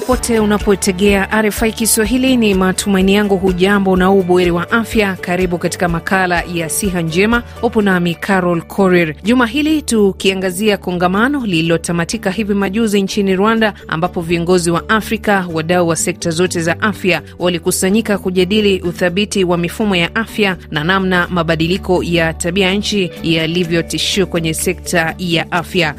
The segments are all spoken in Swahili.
popote unapotegea RFI Kiswahili, ni matumaini yangu hujambo na ubuheri wa afya. Karibu katika makala ya siha njema, upo nami Carol corer Juma hili tukiangazia kongamano lililotamatika hivi majuzi nchini Rwanda, ambapo viongozi wa Afrika, wadau wa sekta zote za afya, walikusanyika kujadili uthabiti wa mifumo ya afya na namna mabadiliko ya tabia nchi yalivyotishiwa kwenye sekta ya afya.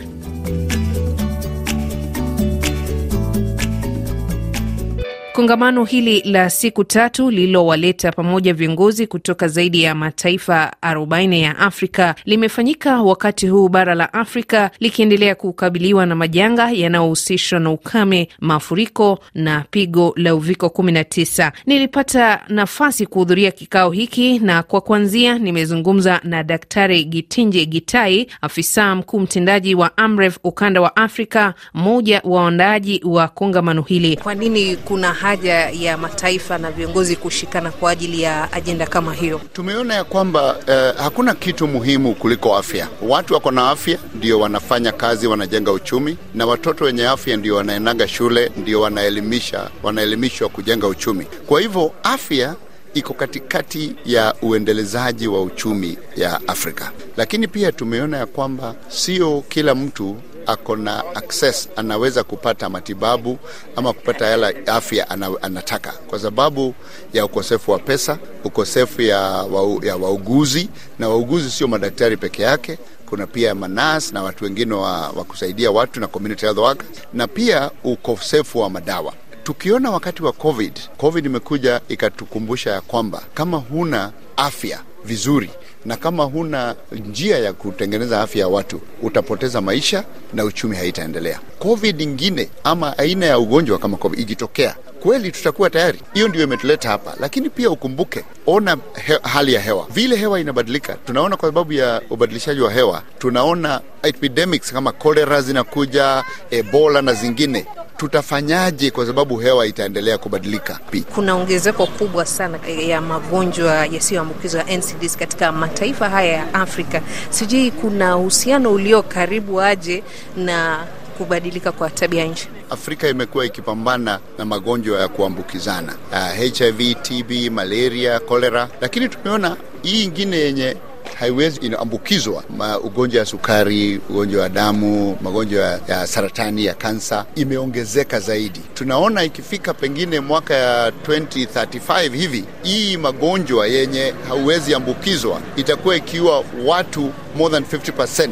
Kongamano hili la siku tatu lililowaleta pamoja viongozi kutoka zaidi ya mataifa 40 ya Afrika limefanyika wakati huu bara la Afrika likiendelea kukabiliwa na majanga yanayohusishwa na ukame, mafuriko na pigo la uviko 19. Nilipata nafasi kuhudhuria kikao hiki na kwa kwanzia nimezungumza na Daktari Gitinje Gitai, afisa mkuu mtendaji wa AMREF ukanda wa Afrika, mmoja wa waandaaji wa kongamano hili. Kwa nini kuna haja ya mataifa na viongozi kushikana kwa ajili ya ajenda kama hiyo. Tumeona ya kwamba eh, hakuna kitu muhimu kuliko afya. Watu wako na afya ndio wanafanya kazi, wanajenga uchumi, na watoto wenye afya ndio wanaendaga shule, ndio wanaelimisha, wanaelimishwa kujenga uchumi. Kwa hivyo afya iko katikati ya uendelezaji wa uchumi ya Afrika. Lakini pia tumeona ya kwamba sio kila mtu ako na access, anaweza kupata matibabu ama kupata yala afya anataka, kwa sababu ya ukosefu wa pesa, ukosefu ya, wa, ya wauguzi. Na wauguzi sio madaktari peke yake, kuna pia manas na watu wengine wa, wa kusaidia watu na community health na pia ukosefu wa madawa. Tukiona wakati wa COVID, COVID imekuja ikatukumbusha ya kwamba kama huna afya vizuri na kama huna njia ya kutengeneza afya ya watu utapoteza maisha na uchumi haitaendelea. COVID ingine ama aina ya ugonjwa kama COVID ikitokea kweli, tutakuwa tayari. Hiyo ndio imetuleta hapa, lakini pia ukumbuke, ona he, hali ya hewa vile hewa inabadilika. Tunaona kwa sababu ya ubadilishaji wa hewa, tunaona epidemics kama kolera zinakuja, ebola na zingine tutafanyaje, kwa sababu hewa itaendelea kubadilika. Pi. Kuna ongezeko kubwa sana ya magonjwa yasiyoambukizwa ya NCDs katika mataifa haya ya Afrika. Sijui kuna uhusiano ulio karibu aje na kubadilika kwa tabia nchi. Afrika imekuwa ikipambana na magonjwa ya kuambukizana uh, HIV, TB, malaria, cholera lakini tumeona hii ingine yenye haiwezi inaambukizwa ugonjwa ya sukari, ugonjwa wa damu, magonjwa ya saratani ya kansa imeongezeka zaidi. Tunaona ikifika pengine mwaka ya 2035 hivi, hii magonjwa yenye hauwezi ambukizwa itakuwa ikiwa watu more than 50%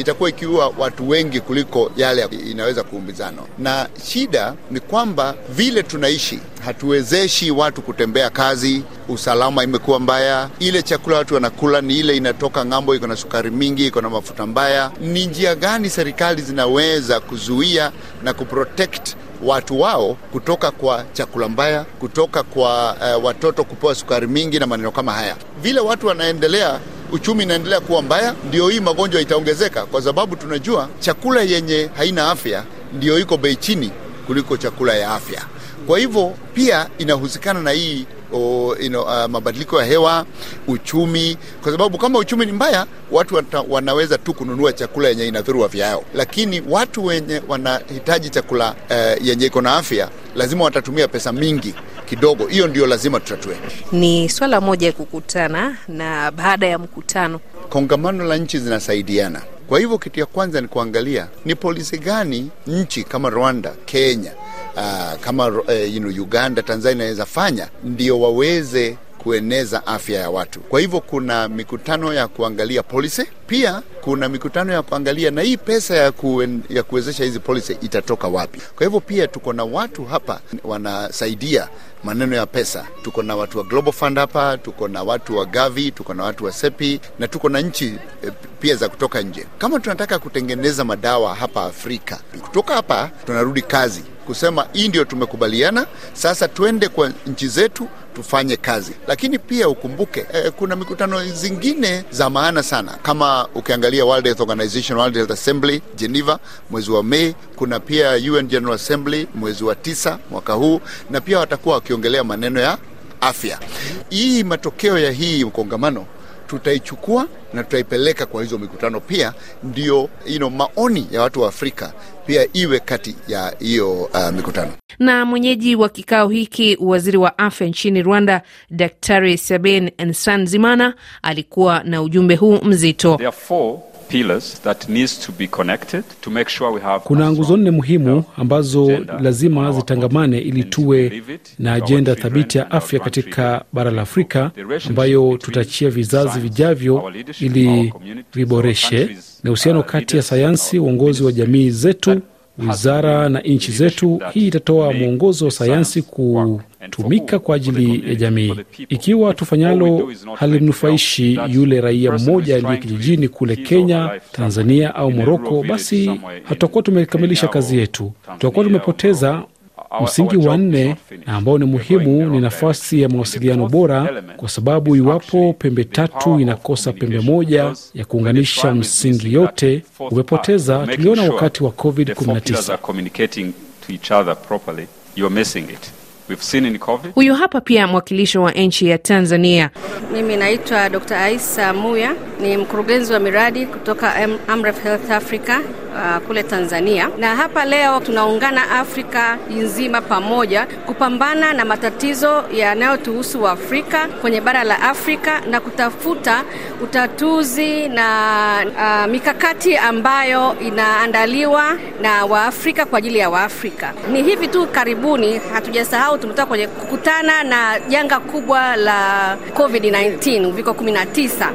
itakuwa ikiua watu wengi kuliko yale inaweza kuumbizana. Na shida ni kwamba vile tunaishi hatuwezeshi watu kutembea kazi, usalama imekuwa mbaya, ile chakula watu wanakula ni ile inatoka ng'ambo, iko na sukari mingi, iko na mafuta mbaya. Ni njia gani serikali zinaweza kuzuia na kuprotect watu wao kutoka kwa chakula mbaya, kutoka kwa uh, watoto kupewa sukari mingi na maneno kama haya. Vile watu wanaendelea uchumi inaendelea kuwa mbaya, ndio hii magonjwa itaongezeka, kwa sababu tunajua chakula yenye haina afya ndio iko bei chini kuliko chakula ya afya. Kwa hivyo pia inahusikana na hii o, ino, uh, mabadiliko ya hewa, uchumi, kwa sababu kama uchumi ni mbaya, watu wata, wanaweza tu kununua chakula yenye inadhuru afya yao, lakini watu wenye wanahitaji chakula uh, yenye iko na afya lazima watatumia pesa mingi kidogo. Hiyo ndio lazima tutatue. Ni swala moja ya kukutana, na baada ya mkutano, kongamano la nchi zinasaidiana. Kwa hivyo kitu ya kwanza ni kuangalia ni polisi gani nchi kama Rwanda, Kenya, aa, ah, kama eh, you Uganda, Tanzania inaweza fanya ndio waweze kueneza afya ya watu. Kwa hivyo kuna mikutano ya kuangalia polisi pia kuna mikutano ya kuangalia na hii pesa ya, kuen, ya kuwezesha hizi policy itatoka wapi. Kwa hivyo pia tuko na watu hapa wanasaidia maneno ya pesa. Tuko na watu wa Global Fund hapa, tuko na watu wa Gavi, tuko na watu wa Sepi na tuko na nchi e, pia za kutoka nje. Kama tunataka kutengeneza madawa hapa Afrika, kutoka hapa tunarudi kazi kusema hii ndio tumekubaliana, sasa twende kwa nchi zetu tufanye kazi. Lakini pia ukumbuke eh, kuna mikutano zingine za maana sana, kama ukiangalia World Health Organization, World Health Assembly Geneva mwezi wa Mei, kuna pia UN General Assembly mwezi wa tisa mwaka huu, na pia watakuwa wakiongelea maneno ya afya. Hii matokeo ya hii kongamano tutaichukua na tutaipeleka kwa hizo mikutano pia, ndio you know, maoni ya watu wa Afrika pia iwe kati ya hiyo uh, mikutano. Na mwenyeji wa kikao hiki, waziri wa afya nchini Rwanda, Daktari Sabin Nsanzimana alikuwa na ujumbe huu mzito Therefore, kuna nguzo nne muhimu ambazo lazima zitangamane ili tuwe na ajenda thabiti ya afya katika bara la Afrika ambayo tutaachia vizazi vijavyo ili viboreshe, na uhusiano uh, kati ya sayansi, uongozi wa jamii zetu wizara na nchi zetu. Hii itatoa mwongozo wa sayansi kutumika kwa ajili ya jamii. Ikiwa tufanyalo halimnufaishi yule raia mmoja aliye kijijini kule Kenya, Tanzania au Moroko, basi hatutakuwa tumekamilisha kazi yetu, tutakuwa tumepoteza Msingi wa nne ambao ni muhimu ni nafasi ya mawasiliano bora, kwa sababu iwapo pembe tatu inakosa pembe moja ya kuunganisha msingi yote, umepoteza. Tuliona wakati wa COVID-19. Huyu hapa pia mwakilishi wa nchi ya Tanzania. Mimi naitwa Dr. Aisa Muya, ni mkurugenzi wa miradi kutoka Amref Health Africa uh, kule Tanzania, na hapa leo tunaungana Afrika nzima pamoja kupambana na matatizo yanayotuhusu afrika kwenye bara la Afrika na kutafuta utatuzi na uh, mikakati ambayo inaandaliwa na Waafrika kwa ajili ya Waafrika. Ni hivi tu karibuni, hatujasahau tumetoka kwenye kukutana na janga kubwa la COVID-19 uviko 19,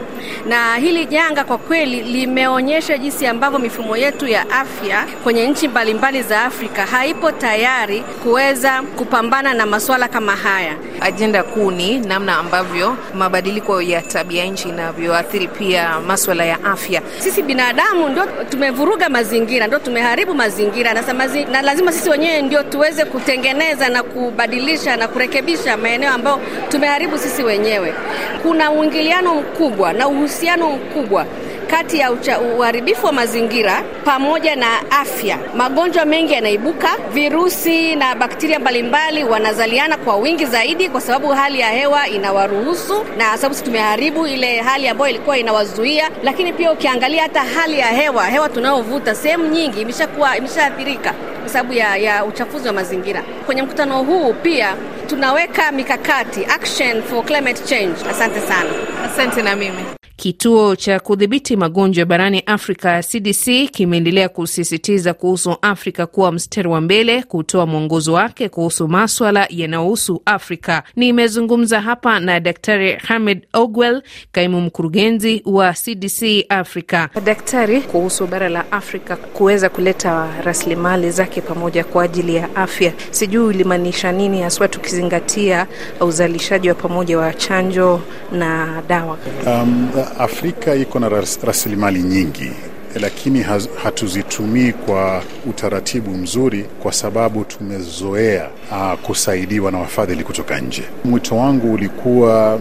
na hili janga kwa kweli limeonyesha jinsi ambavyo mifumo yetu yetu ya afya kwenye nchi mbalimbali za Afrika haipo tayari kuweza kupambana na masuala kama haya. Ajenda kuu ni namna ambavyo mabadiliko ya tabia nchi inavyoathiri pia masuala ya afya. Sisi binadamu ndio tumevuruga mazingira, ndio tumeharibu mazingira na, samazi, na lazima sisi wenyewe ndio tuweze kutengeneza na kubadilisha na kurekebisha maeneo ambayo tumeharibu sisi wenyewe. Kuna uingiliano mkubwa na uhusiano mkubwa kati ya uharibifu wa mazingira pamoja na afya. Magonjwa mengi yanaibuka, virusi na bakteria mbalimbali wanazaliana kwa wingi zaidi, kwa sababu hali ya hewa inawaruhusu, na sababu tumeharibu ile hali ambayo ilikuwa inawazuia. Lakini pia ukiangalia hata hali ya hewa, hewa tunayovuta sehemu nyingi imeshakuwa imeshaathirika kwa sababu ya, ya uchafuzi wa mazingira. Kwenye mkutano huu pia tunaweka mikakati action for climate change. Asante sana. Asante na mimi Kituo cha kudhibiti magonjwa barani Afrika CDC kimeendelea kusisitiza kuhusu Afrika kuwa mstari wa mbele kutoa mwongozo wake kuhusu maswala yanayohusu Afrika. Nimezungumza hapa na Daktari Hamed Ogwell, kaimu mkurugenzi wa CDC Afrika. Daktari, kuhusu bara la Afrika kuweza kuleta rasilimali zake pamoja kwa ajili ya afya, sijui ulimaanisha nini haswa, tukizingatia uzalishaji wa pamoja wa chanjo na dawa um, Afrika iko na rasilimali nyingi lakini hatuzitumii kwa utaratibu mzuri kwa sababu tumezoea uh, kusaidiwa na wafadhili kutoka nje. Mwito wangu ulikuwa uh,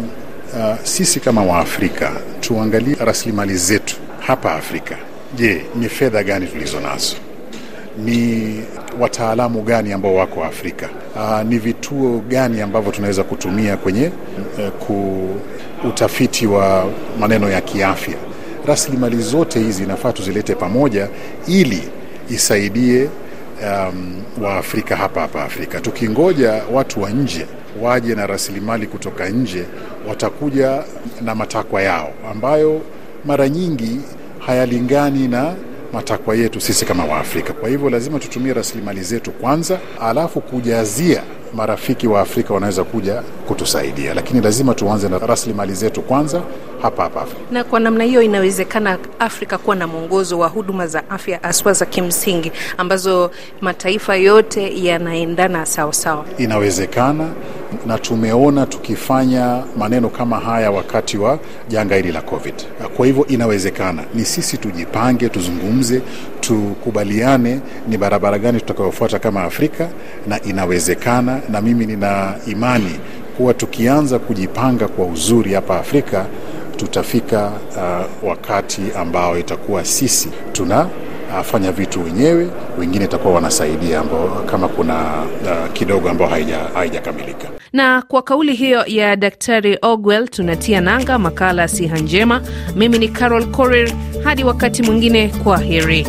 sisi kama Waafrika tuangalie rasilimali zetu hapa Afrika. Je, ni fedha gani tulizo nazo? ni wataalamu gani ambao wako Afrika? Aa, ah, ni vituo gani ambavyo tunaweza kutumia kwenye e, eh, ku, utafiti wa maneno ya kiafya? Rasilimali zote hizi inafaa tuzilete pamoja ili isaidie um, Waafrika hapa hapa Afrika. Tukingoja watu wa nje waje na rasilimali kutoka nje, watakuja na matakwa yao ambayo mara nyingi hayalingani na matakwa yetu sisi kama Waafrika. Kwa hivyo lazima tutumie rasilimali zetu kwanza, alafu kujazia marafiki wa Afrika wanaweza kuja kutusaidia, lakini lazima tuanze na rasilimali zetu kwanza hapa hapa Afrika. Na kwa namna hiyo inawezekana Afrika kuwa na mwongozo wa huduma za afya haswa za kimsingi ambazo mataifa yote yanaendana sawasawa. Inawezekana na tumeona tukifanya maneno kama haya wakati wa janga hili la COVID. Kwa hivyo inawezekana, ni sisi tujipange, tuzungumze, tukubaliane ni barabara gani tutakayofuata kama Afrika, na inawezekana, na mimi nina imani kuwa tukianza kujipanga kwa uzuri hapa Afrika tutafika uh, wakati ambao itakuwa sisi tuna afanya uh, vitu wenyewe, wengine itakuwa wanasaidia ambao kama kuna uh, kidogo ambao haijakamilika. Na kwa kauli hiyo ya Daktari Ogwell tunatia nanga makala Siha Njema. Mimi ni Carol corer hadi wakati mwingine, kwa heri.